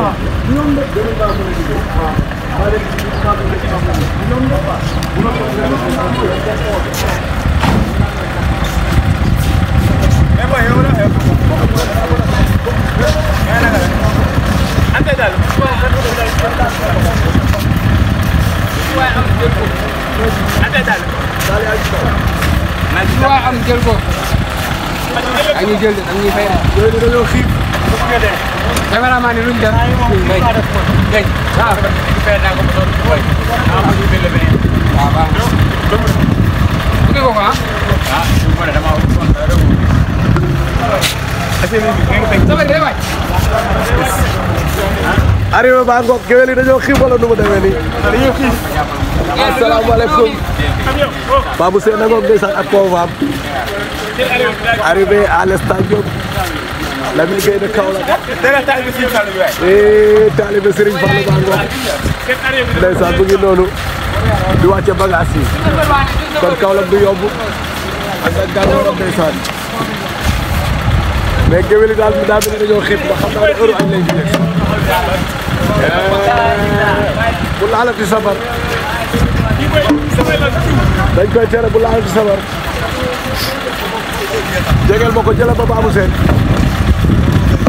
أنا أنا أنا cameraman room દે ગય હા આ બર પેરાકો બરો હા આની બિલ્ડિંગમાં વાવાંશ કુદેગોગા હા જો પડે તમારું રવ અરે ભાઈ આરીબાંગો કેલી દાનો ખીબલો નુમ દેવેલી દિયુ ફિસ અસલામ અલયકુમ બાબુ સે નાગોગ દેસા અપકોવા આરીબે આલે સ્ટેડિયો Lamine Gueye de Kaolack. dëgg taalibe Serigne Fallou waay. Eh, taalibe Serigne Fallou baa ngoog. ndeysaan bu ngi noonu di wàcce bagages yi kon Kaolack du yomb ak ak gàllankoor ndeysaan mais géwél yi daal bi daa mel ni xam naa ne heure añ eh, bu laalati sabar dañ koy tere bu laalati ba baamu seen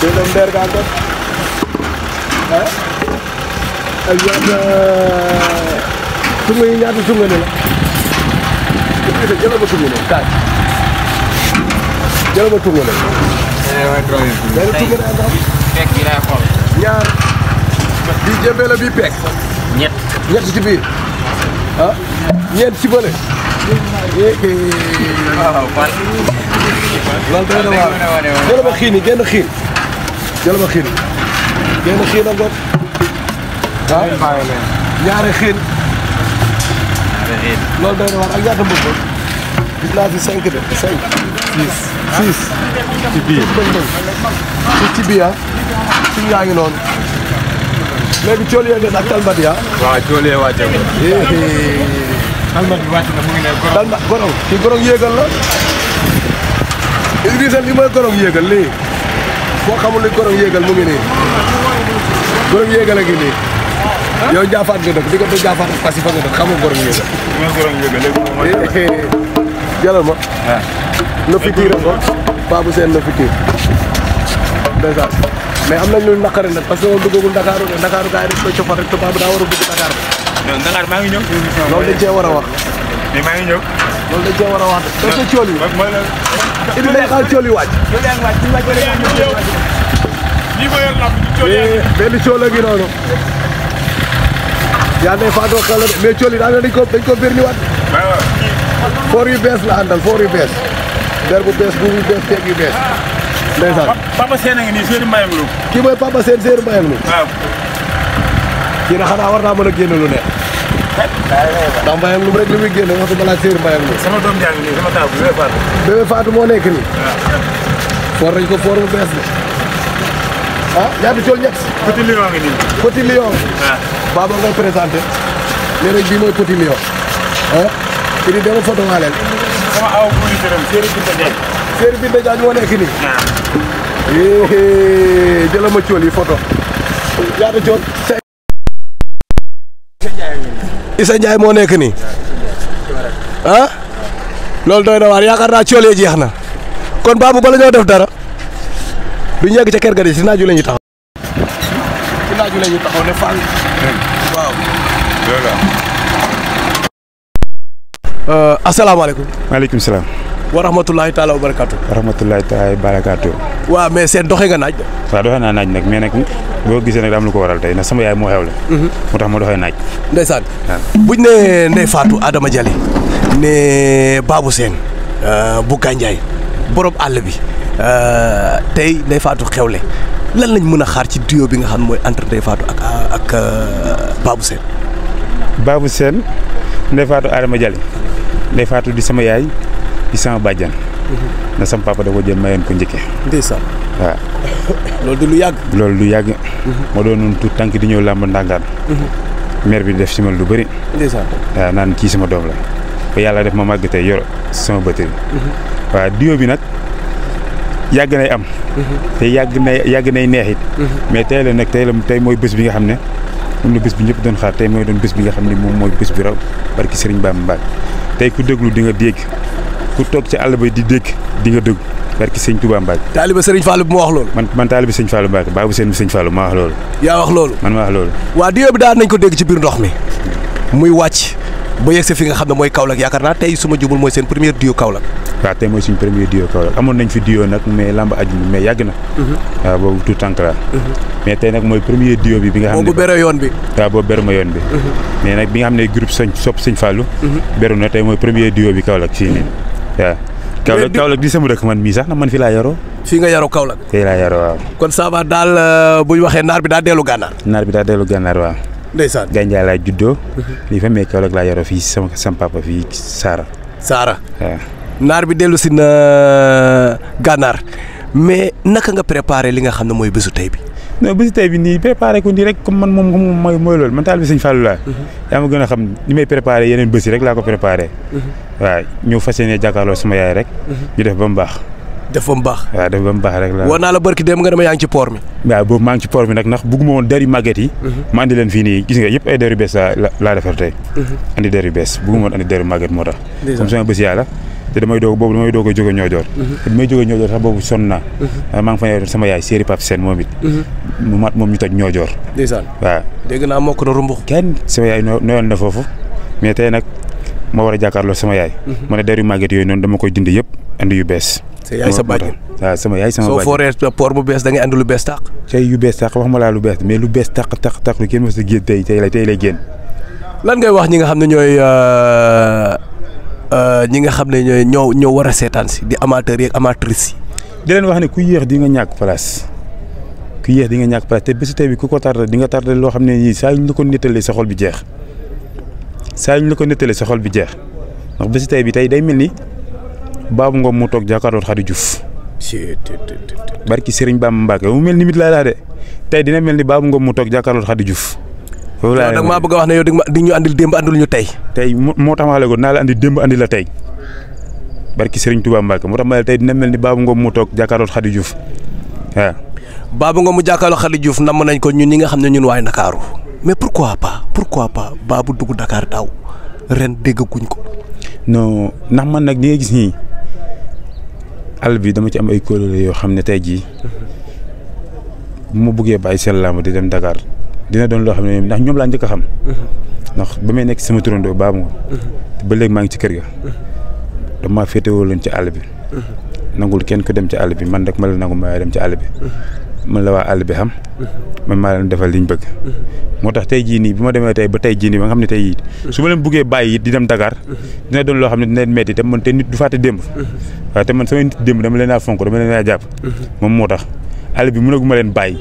Deuxième berge encore. Hein? Ak ñaata sungu yi ñaata sungu ne la. Dëgg la jëlal ma sungu ne kaay. Jëlal ma sungu ne. Benn sungu ne am. Pek bi laa xool. Ñaar. Bii jëmbee la bii pek. Ñett. Ñett ci biir. ah ñeent ci bële. Waaw waaw. loolu dana la waar jël ma xiin yi génn xiin jël ma xiin yi génn xiin a ngoog ah ñaari xiin loolu dana waar ak ñaata mbëg gis naa fi cinq de cinq six six ci biir ci biir suñu yaa ngi noonu léegi cool yee ngeen ak talmat yaa waaw cool yee wàcce ko talmat bi wàcc na mu ngi ne gorong gorong ci gorong yéegal la Idrissa li mooy gorog yéegal lii boo xamul li gorog yéegal mu ngi nii gorog yéegal a ngi nii ah? yow jaafaat nga dëkk diggante jaafaat ak Passy fa nga dëkk xam nga gorog yéegal. mooy gorog yéegal léegi moom eh, eh, eh, jëlal ma. na fi tiir ko Babou Sène na fi tiir dèjà mais que moom duggagul Dakar Dakar gars yi daa war a dugg maa ngi ñëw. loolu dañ cee war a wax. maa ngi ñëw. loolu dañ cee war wax de. doo sa Ibi day xaar cool yi wàcc. cool yaa ngi wàcc ñu wàcc rek ñu ñëw. ñi ko yor lamb cool yaa ngi. benn cool a ngi noonu. yaa ne faatoo xel de mais cool yi daal dañ ko dañ ko birni waat. foor yu bees la àndal foor yu Papa Sène a ngi nii Seydou Mbaye Ngloum. Papa Sène Seydou Mbaye Ngloum. waaw. kii nag xanaa war naa ndax mbayam num rek li muy génne waxtu balaa séer mbayam num sama doom jàng nii sama taw bi bébé Fatou bébé Fatou moo nekk nii foor nañ ko bees la ah, ñaata cool ñett petit lion baba ngay présenté nee nañ bii mooy petit lion ah kii di dama photo waaleel sama aw buri moo nekk nii jëlal ma cool yi photo ñaata cool Issa Ndiaye moo nekk nii ah loolu doy na waar yaakaar naa cool yi jeex na kon baabu bala ñoo def dara duñ yegg ca kër ga de si naaju la ñuy taxaw. si naaju la ñuy taxaw waaw. dëgg la. Euh, asalaamaaleykum. salaam. wa rahmatulahi taala wa barakaatu. wa rahmatulahi mais seen doxee nga naaj. waaw doxee naa naaj nag mais nag boo gisee nag am lu ko waral tey ndax sama yaay moo xewle. Mhm. moo tax ma doxee naaj. ndeysaan. buñ ne Ndeye Fatou Adama Jali ne Babou Sène euh, bu Gandiaye borom àll bi euh, tey Ndeye Fatou xewle lan lañ mën a xaar ci duo bi nga xam mooy entre Ndeye Fatou ak ak euh, Babou Sène. Babou Adama Jali Ndeye Fatou di sama yaay. di sama bàjjan mhm. na sama papa da ko jël mayen ko ndike ndeysaan wa loolu du lu yag loolu du mo mhm. do non tout tank di ñew lamb ndangal mhm. mer bi def ci man lu bari ndeysaan wa nan ki sama dom la ko yalla def ma magge tay yor sama bëtëri wa dio bi nak yag nay am te yag nay yag nay neexit mais tay la nak tay la tay moy bëss bi nga xamne ne la bi doon xaar tay moy doon bëss bi nga xamne mom moy bëss bi raw barki Serigne Bamba Mbacke ku deglu di nga deg ku tok ci àll ba di deg di nga deg barki seigne Touba mbak taaliba seigne Fallou mo wax loolu man man taaliba seigne Fallou mbak babu seigne seigne Fallou ma wax loolu ya wax loolu man wax loolu wa diyo bi da nañ ko deg ci bir ndokh mi muy wacc ba yegg fi nga xamne moy Kaolack yaakaar naa jubul Kaolack wa tay moy suñu premier duo Kaolack Kamu nañ fi duo nak mais lamb aju mais yagna mhm. wa bo tout tànk la mhm. mais tay nak moy premier duo bi bi nga xamne bo bero yon bi wa bo beru ma yon bi mhm. mais nak bi nga xamne groupe sop Fallou beru na tay moy premier duo bi Kaolack ci ni waaw Kaolack Kaolack di sama dëkk man mii sax na man fi laa yaroo. fii nga yaroo Kaolack. fii laa yaroo waaw. kon ça daal euh, bu ñu waxee naar bi daa dellu gànnaar. naar bi daa dellu gànnaar waaw. ndeysaan Gandiaye laa juddoo. Mhm. lii fa mais Kaolack laa yaroo fii sama sama fii Saara. Saara waaw. naar bi dellu si na euh, gànnaar mais naka nga préparé li nga xam ne mooy bésu tey bi. non bési bi nii préparé ko nii rek comme man moom moom mooy loolu man taal bi sëñ Fallou laa. Mhm. yaa ma gën a xam ni may préparé yeneen bési rek laa ko préparé. Mhm. waaw ñëw fas yéene jàkkaarloo sama yaay rek. Mhm. ñu def ba mu baax. def ba mu baax waaw def ba mu baax rek la war naa la barki dem nga dama yaa ngi ci port mi waaw boobu maa ngi ci port mi nag ndax bugguma woon dari màgget yi ma andi leen fii nii gis nga yëpp ay dari bees laa laa defar tey andi dari bees bugguma màgget moo tax comme sama bés te damay doog boobu a jóge ñoojoor mhm. te bi may jóge ñoojoor sax boobu sonn naa mhm. ah, maa ngi fa ne sama yaay séeri Pape Sène moom it mhm. mu mat moom ñu toj ñoojoor ndeysaan waaw dégg naa mokk na rumbux kenn na foofu mais tey nag moo war a jàkkaarloo sama yaay ma ne der yu màgget noonu dama koy dindi yëpp andi yu bees yaay sa sama yaay sama bàjjen soo fooree port bu bees da ngay andi lu bees tàq tey yu bees tàq wax ma laa lu bees mais lu bees tàq tàq tàq lu kenn mos a génn tey tey lay tey lay génn lan ngay wax ñi nga xam ne ñooy euh, Euh, ñi nga xamné ñoy ñoo ñoo wara sétan ci si di amateur ak amatrice yi. di len wax ni ku yex di nga ñak place ku yex di nga ñak place te bésu bi ku ko tardé di nga tardé lo xamné ne sa ñu ko nettalee sa xol bi jeex sa ñu ko nettalee sa xol bi jeex ndax bésu tey bi tay day melni babu Ngom mu tok jakarlo Khady Diouf. barki Serigne Bamba mbake mu melni ni mit la la dé tay dina melni babu Ngom mu tok jakarlo Khady Diouf. walaay nga maa bëgg wax ne yow di ñu andil démb andil ñu tey. tey moo tax ma xale ko naa la andi démb andi la tey barki Serigne Touba Mbacke moo tax tey dina mel ni Babou Ngom mu toog jàkkaarloog Khady Diouf waaw. Babou Ngom mu jàkkaarloog Khady Diouf namm nañ ko ñun ni nga xam ne ñun waay Ndakaaru mais pourquoi pas pourquoi pas Babou dugg dakaar daaw ren déggaguñ ko. non ndax man nag li nga gis nii àll bi dama ci am ay kóolóore yoo xam ne tey jii mu buggee bëggee bàyyi seen làmb di dem Dakar. dina doon loo xam ne ndax ñoom laa njëkk xam. Mm-hmm. ndax ba may nekk sama turandoo baabu nga. Mm-hmm. ba léegi maa ngi ci kër gi mm-hmm. damaa féetewoo leen ci àll bi. nangul kenn ku dem ci àll bi man rek ma la nangu ma dem ci àll bi. man la àll bi xam. man maa leen defal liñ bëgg. moo tax tey nii bi ma demee tey ba tey jii nii ba xam ne tey su ma leen buggee bàyyi it dem Dakar. dina doon loo xam ne dina leen metti te man nit du fàtte démb. waaye te man samay nit démb dama leen a fonk dama leen a jàpp. moom moo tax. xale bi mënaguma leen bàyyi.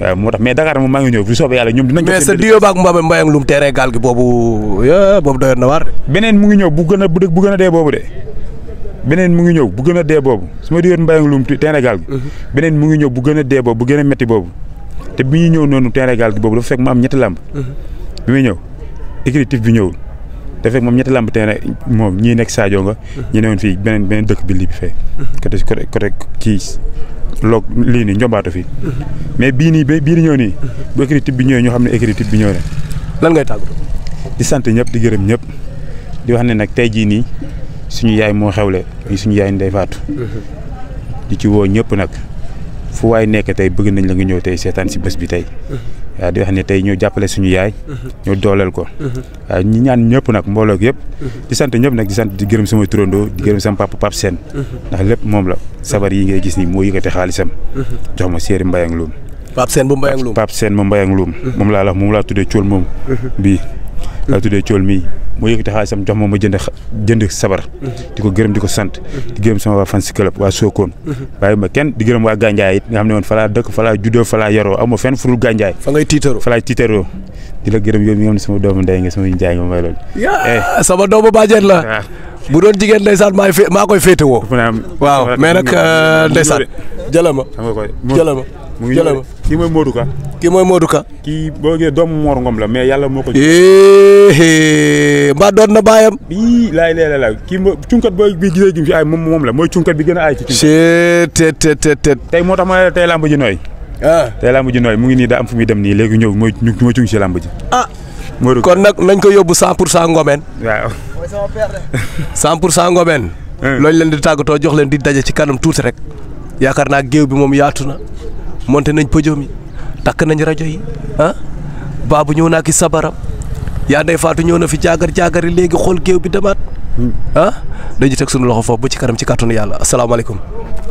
waaw moo tax mais Dakar moom maa ngi ñëw bu soobee yàlla ñoom dinañ. mais sa diyo baag Mbaye Mbaye ak lum gaal gi boobu boobu doyoon na waar. beneen mu ngi ñëw bu gën a bu gën a dee boobu de beneen mu ngi ñëw bu gën a dee boobu su ma diyoon Mbaye ak lum teree gaal gi. Mhm. beneen mu ngi ñëw bu gën a dee boobu bu gën a te bi ñuy ñëw noonu teree gaal gi boobu dafa fekk mu am ñetti làmb. Mhm. bi muy ñëw écritif bi ñëwul dafa fekk moom ñetti làmb teree moom ñii nekk Sadio nga. Mhm. ñi newoon fii beneen beneen dëkk bi lii bi fee côté kii loog lii nii njombaatu fi mhm. mais bii nii ba bii di ñëw nii mhm. bu écriture bi ñëwee ñoo xam ne écriture bi ñëw na lan ngay tàggu di sant ñëpp di gërëm ñëpp di wax ne nag tey jii nii suñu yaay moo xewle ñu suñu yaay day faatu mhm. di ci woo ñëpp nag fu waay nekk tey bëgg nañ la nga ñëw tey seetaan si bés bi tey waaw euh, di wax ne tey ñoo jàppale suñu yaay. Mm-hmm. ñoo dooleel ko. waaw mm-hmm. euh, ñi ñaan ñëpp nag mbooloo yëpp. Mm-hmm. di sant ñëpp nag di sant di gërëm sama turandoo di gërëm sama papa Pape Sène. ndax lépp moom la sabar yi ngay gis nii moo yëkkati xaalisam. jox ma séeri Mbayang Loum. Pape Sène bu Mbayang Loum Pape Sène mu Mbayang Loum. moom laa la moom laa tuddee Thiol moom. bii. laa tuddee cool mii mu yëkkati xaalisam jox ma ma jënd jënd sabar di ko gërëm di ko sant di gërëm sama waa fan si club waa Sokone bàyyi ma kenn di gërëm waa Gandiaye it nga xam ne woon falaa dëkk falaa juddoo falaa yaroo amoo fenn furul Gandiaye fa ngay tiitaroo fa laay tiitaroo di la gërëm yow mi nga xam ne sama doomu ndey nga sama nga may loolu eh. sama doomu bàjjen la waaw ah. bu doon jigéen maa maa koy féetewoo waaw mais nag euh, ndeysaan jëlama jëlama jëlama kii mooy Modou Ka. kii mooy Modou Ka. kii boo gee doomu Mor Ngom la mais yàlla moo ko. Eh, eh, mbaa doon na bàyyam. bii laay leeral la kii mooy cunkat booy bi gisee jëm si ay moom la mooy cunkat bi gën a aay ci. cee te te te te. moo tax ma tey làmb nooy. ah tey làmb nooy mu ngi nii daam fu muy dem nii léegi ñëw mooy ñu ma cung si làmb ah. kon nag nañ ko yóbbu 100 pour cent ngomeen. waaw. 100 pour ngomeen. loolu leen di tàggatoo jox leen di daje ci kanam tuuti rek. yaakaar naa géew bi moom yaatu na monté nañ pëjoom yi takk nañ rajo yi ah bu ñëw na naa ki sabaram yaa ndey faatu ñëw na fi jaagar jaagari léegi xool géew bi demaat hmm. ah dañu teg sunu loxo foofu ba ci kanam ci kàttanu yàlla asalaamaaleykum